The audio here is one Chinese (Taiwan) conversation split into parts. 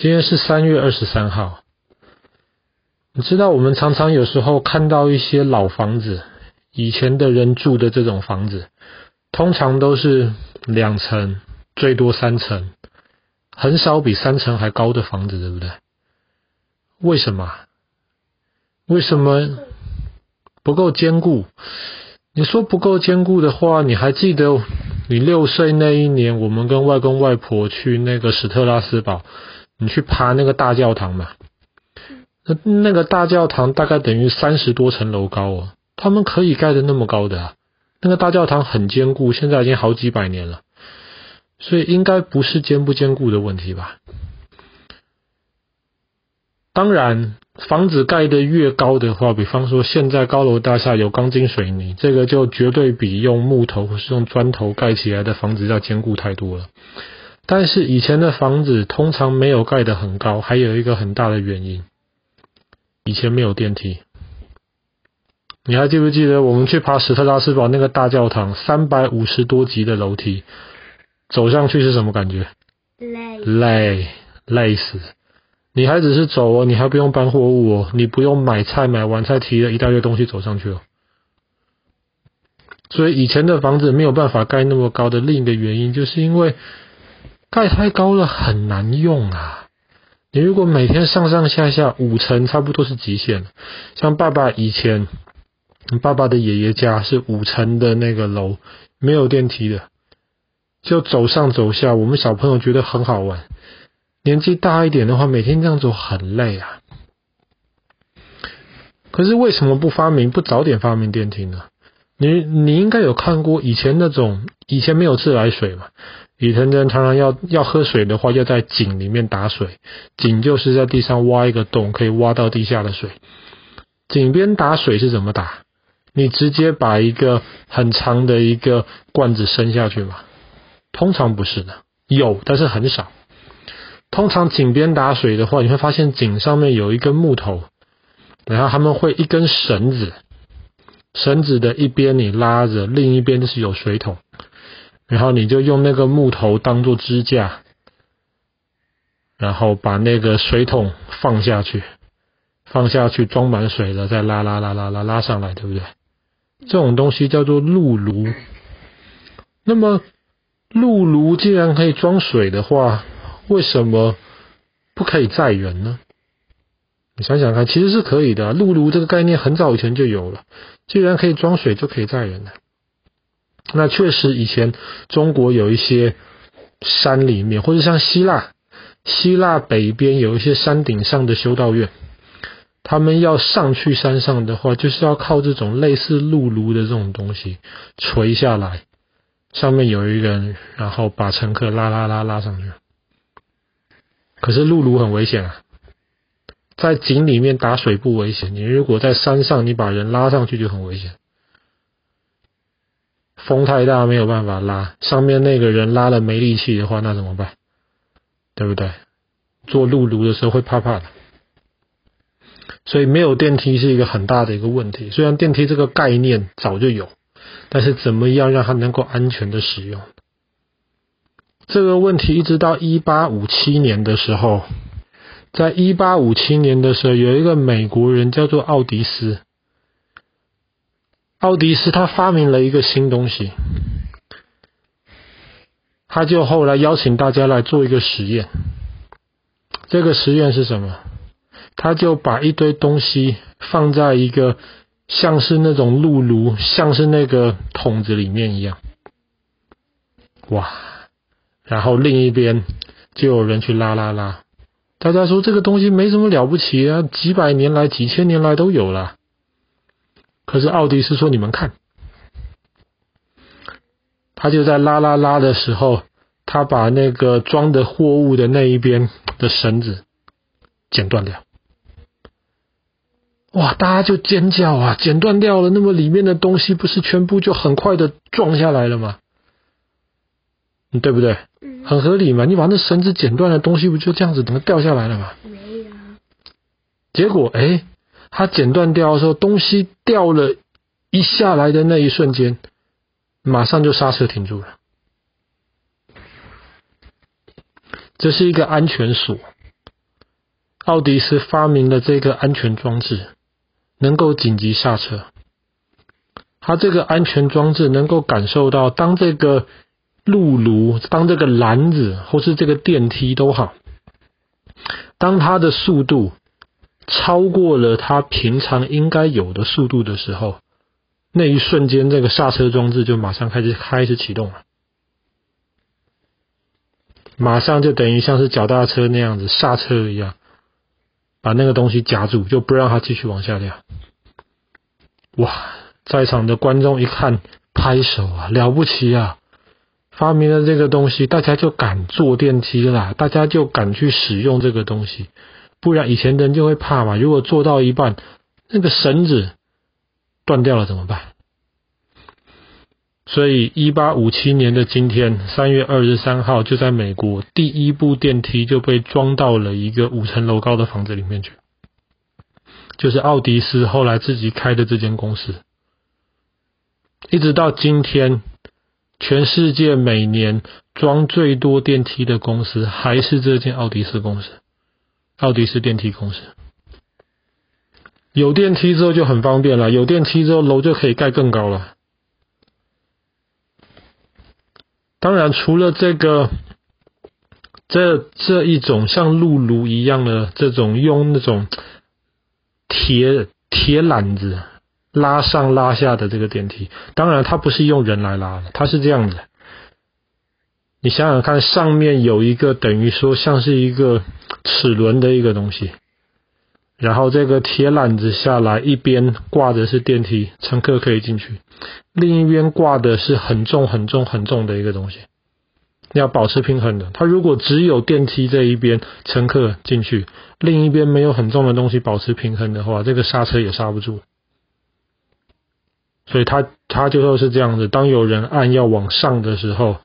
今天是三月二十三號。你知道，我們常常有時候看到一些老房子，以前的人住的這種房子，通常都是兩層，最多三層，很少比三層還高的房子，對不對？為什麼？為什麼不夠堅固？你說不夠堅固的話，你還記得你六歲那一年，我們跟外公外婆去那個史特拉斯堡。你去爬那個大教堂嘛？那那個大教堂大概等於三十多層樓高哦，啊，他們可以蓋得那麼高的啊？那個大教堂很堅固，現在已經好幾百年了，所以應該不是堅不堅固的問題吧？當然，房子蓋得越高的話，比方說現在高樓大廈有鋼筋水泥，這個就絕對比用木頭或是用磚頭蓋起來的房子要堅固太多了。但是以前的房子通常沒有蓋得很高，還有一個很大的原因，以前沒有電梯。你還記不記得我們去爬史特拉斯堡那個大教堂，三百五十多級的樓梯，走上去是什麼感覺？累，累，累死！你還只是走哦，你還不用搬貨物哦，你不用買菜，買完菜提了一大堆東西走上去哦。所以以前的房子沒有辦法蓋那麼高的另一個原因，就是因為。蓋太高了很難用啊！你如果每天上上下下五層，差不多是極限。像爸爸以前，爸爸的爺爺家是五層的那個樓，沒有電梯的，就走上走下。我們小朋友覺得很好玩，年紀大一點的話，每天這樣走很累啊。可是為什麼不發明、不早點發明電梯呢？你你應該有看過以前那種以前沒有自來水嘛。以前人常常要要喝水的話，要在井裡面打水。井就是在地上挖一個洞，可以挖到地下的水。井邊打水是怎麼打？你直接把一個很長的一個罐子，伸下去嘛？通常不是的，有，但是很少。通常井邊打水的話，你會發現井上面有一根木頭，然後他們會一根繩子。繩子的一邊你拉着，另一邊就是有水桶，然後你就用那個木頭當作支架，然後把那個水桶放下去，放下去裝滿水了，再拉拉拉拉拉拉上來，對不對？這種東西叫做轆轤。那麼，轆轤既然可以裝水的話，為什麼不可以載人呢？你想想看，其實是可以的啊，轆轤這個概念很早以前就有了，既然可以裝水，就可以載人了。那確實以前中國有一些山裡面，或者像希臘，希臘北邊有一些山頂上的修道院，他們要上去山上的話，就是要靠這種類似轆轤的這種東西垂下來，上面有一個人，然後把乘客拉拉拉拉上去。可是轆轤很危險啊。在井裡面打水不危險，你如果在山上，你把人拉上去就很危險。風太大沒有辦法拉，上面那個人拉了沒力氣的話，那怎麼辦？對不對？坐轆轤的時候會怕怕的。所以沒有電梯是一個很大的一個問題。雖然電梯這個概念早就有，但是怎麼樣讓它能夠安全的使用？這個問題一直到一八五七年的時候。在一八五七年的時候，有一個美國人叫做奧迪斯，奧迪斯他發明了一個新東西，他就後來邀請大家來做一個實驗。這個實驗是什麼？他就把一堆東西放在一個像是那種轆轤，像是那個桶子裡面一樣，哇！然後另一邊就有人去拉拉拉。大家說這個東西沒什麼了不起啊，幾百年來、幾千年來都有了。可是奧迪斯說：“你們看，他就在拉拉拉的時候，他把那個裝的貨物的那一邊的繩子剪斷掉。哇！大家就尖叫啊，剪斷掉了，那麼裡面的東西不是全部就很快的撞下來了嗎？對不對？”很合理嘛？你把那繩子剪斷的東西不就這樣子，等它掉下來了嗎？沒有。結果，哎，他剪斷掉的時候，東西掉了，一下來的那一瞬間，馬上就剎車停住了。這是一個安全鎖。奧迪斯發明了這個安全裝置，能夠緊急剎車。他這個安全裝置能夠感受到，當這個。路爐，當這個籃子或是這個電梯都好，當它的速度超過了它平常應該有的速度的時候，那一瞬間，這個剎車裝置就馬上開始開始啟動了，馬上就等於像是腳踏車那樣子剎車一樣，把那個東西夾住，就不讓它繼續往下掉。哇，在場的觀眾一看，拍手啊，了不起啊！發明了這個東西，大家就敢坐電梯了，大家就敢去使用這個東西，不然以前人就會怕嘛。如果坐到一半，那個繩子斷掉了怎麼辦？所以，一八五七年的今天，三月二十三號，就在美國，第一部電梯就被裝到了一個五層樓高的房子裡面去。就是奧迪斯後來自己開的這間公司，一直到今天。全世界每年裝最多電梯的公司還是這間奧迪斯公司，奧迪斯電梯公司。有電梯之後就很方便了，有電梯之後樓就可以蓋更高了。當然，除了這個，這這一種像轆轤一樣的這種用那種鐵鐵籃子。拉上拉下的這個電梯，當然它不是用人來拉的，它是這樣子的。你想想看，上面有一個等於說像是一個齒輪的一個東西，然後這個鐵纜子下來，一邊掛的是電梯，乘客可以進去；另一邊掛的是很重很重很重的一個東西，要保持平衡的。它如果只有電梯這一邊乘客進去，另一邊沒有很重的東西保持平衡的話，這個剎車也剎不住。所以他他就是這樣子，當有人按要往上的時候，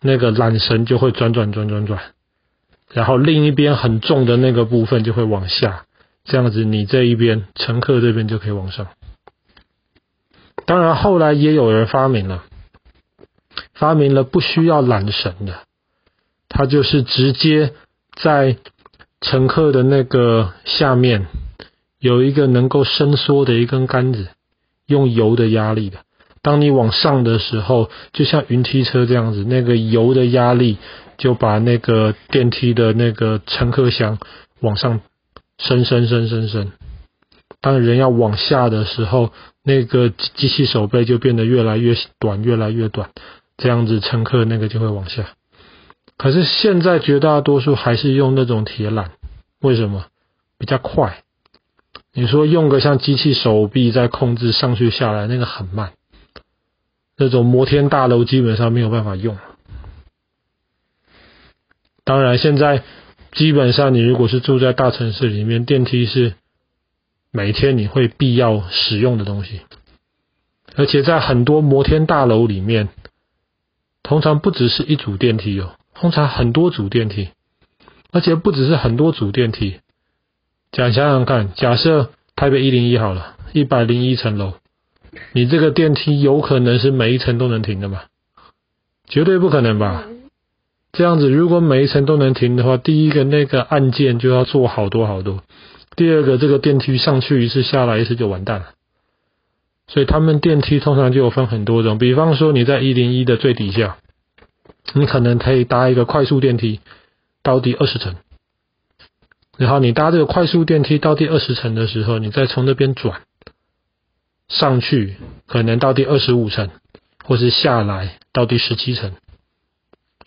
那個纜繩就會轉轉轉轉轉，然後另一邊很重的那個部分就會往下，這樣子你這一邊乘客這邊就可以往上。當然後來也有人發明了，發明了不需要纜繩的，它就是直接在乘客的那個下面有一個能夠伸縮的一根桿子。用油的壓力的，當你往上的時候，就像雲梯車這樣子，那個油的壓力就把那個電梯的那個乘客箱往上升升升升升。當人要往下的時候，那個機器手臂就變得越來越短越來越短，這樣子乘客那個就會往下。可是現在絕大多數還是用那種鐵纜，為什麼？比較快。你說用個像機器手臂在控制上去下來，那個很慢。那種摩天大樓基本上沒有辦法用啊。當然，現在基本上你如果是住在大城市裡面，電梯是每天你會必要使用的東西。而且在很多摩天大樓裡面，通常不只是一組電梯哦，通常很多組電梯，而且不只是很多組電梯。假想想看，假設。台北一零一好了，一百零一層樓，你這個電梯有可能是每一層都能停的嗎？絕對不可能吧？這樣子，如果每一層都能停的話，第一個那個按鍵就要做好多好多，第二個這個電梯上去一次，下來一次就完蛋了。所以他們電梯通常就有分很多種，比方說你在一零一的最底下，你可能可以搭一個快速電梯到第二十層。然後你搭這個快速電梯到第二十層的時候，你再從那邊轉上去，可能到第二十五層，或是下來到第十七層，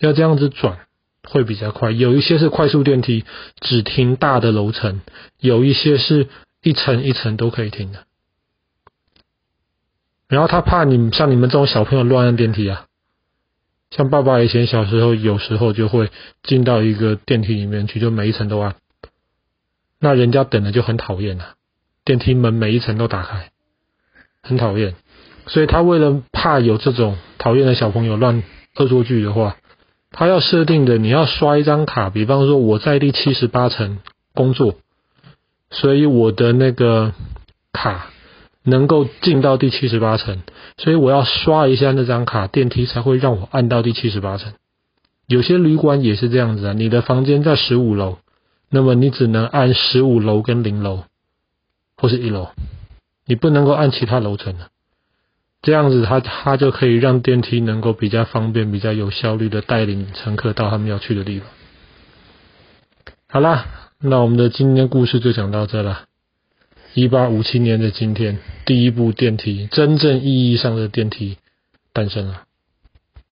要這樣子轉會比較快。有一些是快速電梯只停大的樓層，有一些是一層一層都可以停的。然後他怕你像你們這種小朋友亂按電梯啊，像爸爸以前小時候有時候就會進到一個電梯裡面去，就每一層都按。那人家等的就很討厭了，電梯門每一層都打開，很討厭。所以他為了怕有這種討厭的小朋友亂惡作劇的話，他要設定的你要刷一張卡，比方說我在第七十八層工作，所以我的那個卡能夠進到第七十八層，所以我要刷一下那張卡，電梯才會讓我按到第七十八層。有些旅館也是這樣子啊，你的房間在十五樓。那麼你只能按十五樓跟零樓，或是一樓，你不能夠按其他樓層的。這樣子它，它它就可以讓電梯能夠比較方便，比較有效率的帶領乘客到他們要去的地方。好啦，那我們的今天故事就講到這了。一八五七年的今天，第一部電梯，真正意義上的電梯誕生了。